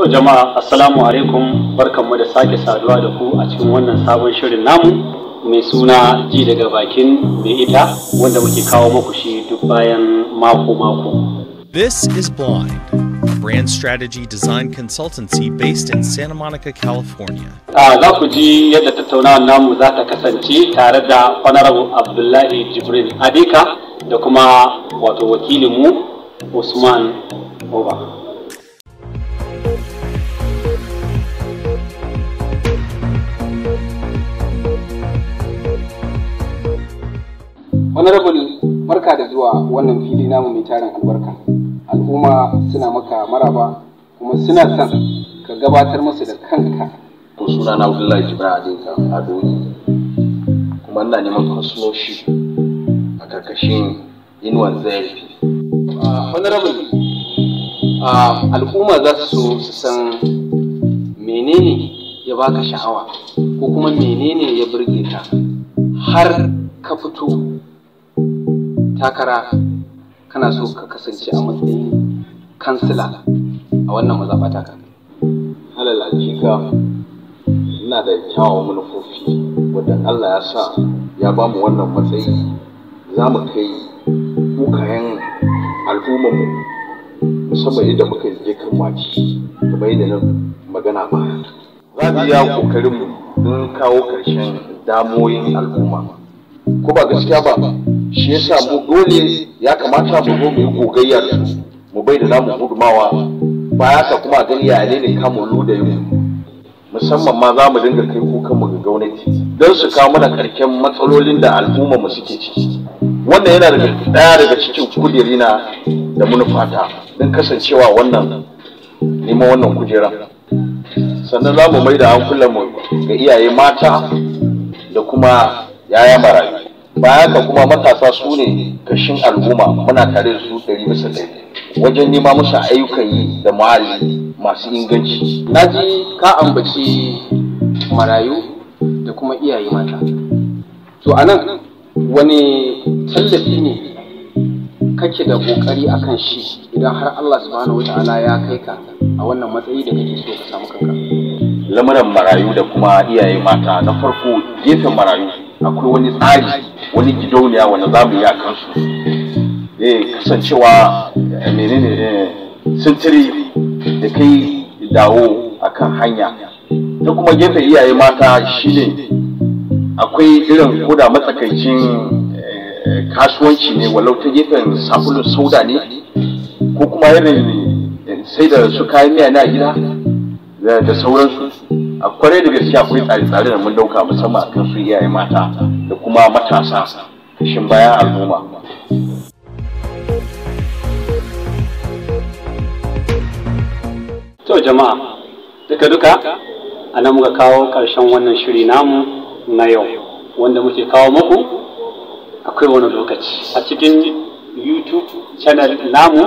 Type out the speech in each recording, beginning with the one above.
To jama'a assalamu alaikum barkanmu da sake saduwa da ku a cikin wannan sabon shirin namu mai suna ji daga bakin mai ita wanda muke kawo muku shi duk bayan mako mako. This is Blind, a brand strategy design consultancy based in Santa Monica, California. A ah, za ku ji yadda tattaunawar namu za ta kasance tare da Honorable Abdullahi Jibril Adika da kuma wato wakilinmu Usman Oba. honorable marka da zuwa wannan fili namu mai tarin albarka al'umma suna maka maraba kuma suna son ka gabatar musu da kanka to suna na abdullahi jibra adinka adoni kuma ina neman kwasloshi a karkashin inuwan zayafi ah, honorable ah, al'umma za su su san menene ya baka sha'awa ko kuma menene ya burge ka har ka fito takara kana so ka kasance a matsayin kansila a wannan mazaɓa taka Halala hakika ina da kyawawan manufofi wadda allah ya sa ya ba mu wannan matsayi za mu kai kukayen al'ummarmu musamman idan muka je kan maci bai da na magana ba za mu iya ƙoƙarinmu don kawo ƙarshen damoyin al'umma ko ba gaskiya ba shi yasa mu dole ya kamata mu zo mu yi gogayya su mu bai da namu gudumawa ba ya sa kuma a gani ya ne kamun da yau musamman ma za mu dinga kai kukan mu ga gwamnati don su kawo mana karken matsalolin da al'umma mu suke ciki wannan yana daga daya daga cikin kudiri da munufata don kasancewa wannan neman wannan kujeran sannan za mu mai da hankulan mu ga iyaye mata da kuma yaya marayu baya ka kuma matasa su ne kashin al'umma muna tare da su ɗari bisa ɗari wajen nema musu ayyukan yi da muhalli masu inganci na ji ka ambaci marayu da kuma iyaye mata to anan wani tallafi ne kake da kokari a kan shi idan har Allah subhanahu wa ta'ala ya kai ka a wannan matsayi da kake so ka samu kanka lamuran marayu da kuma iyaye mata na farko gefen marayu akwai wani tsari wani gidauniya wanda za mu yi a kansu eh kasancewa eh, menene eh, sintiri da kai dawo akan hanya ta kuma gefe iyaye mata shine akwai irin koda matsakaicin eh, kasuwanci ne walau ta gefen sabulun sauda ne ko kuma irin sai da su kayan miya na gida da sauransu a kwarai da gaske akwai tsare-tsare da mun dauka musamman akan su iyaye mata da kuma matasa kashin bayan al'umma to jama'a duka duka a nan muka kawo karshen wannan shiri namu na yau wanda muke kawo muku akwai wani lokaci a cikin youtube channel namu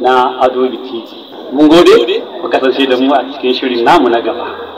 na adobe tv mun gode ku kasance da mu a cikin shirin namu na gaba